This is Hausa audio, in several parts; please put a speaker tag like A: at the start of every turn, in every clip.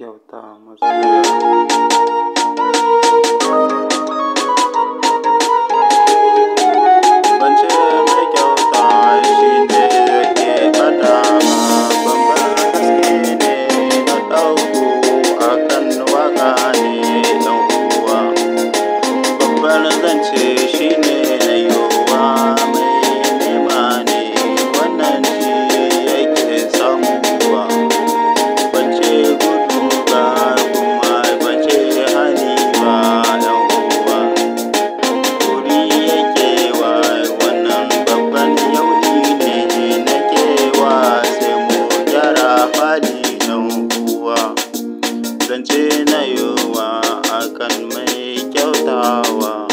A: क्या होता है kasance na yiwa akan mai kyautawa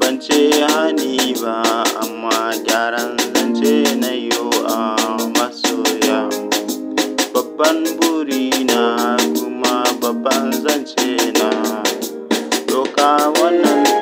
A: ban ce hani ba amma gyaran zance na yiwa masoya babban buri na kuma babban zance na doka wannan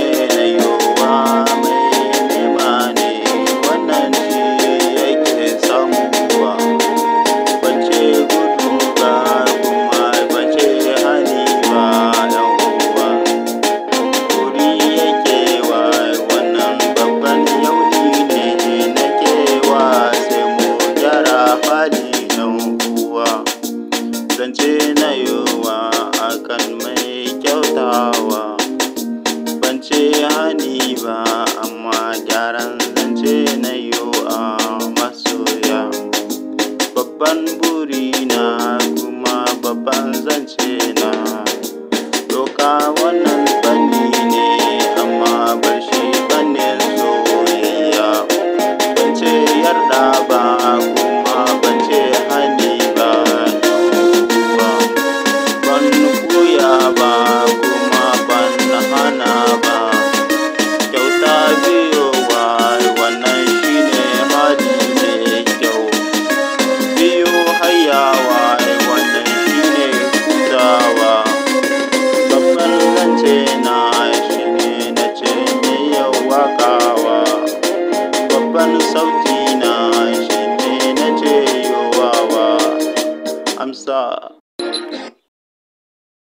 A: parang sa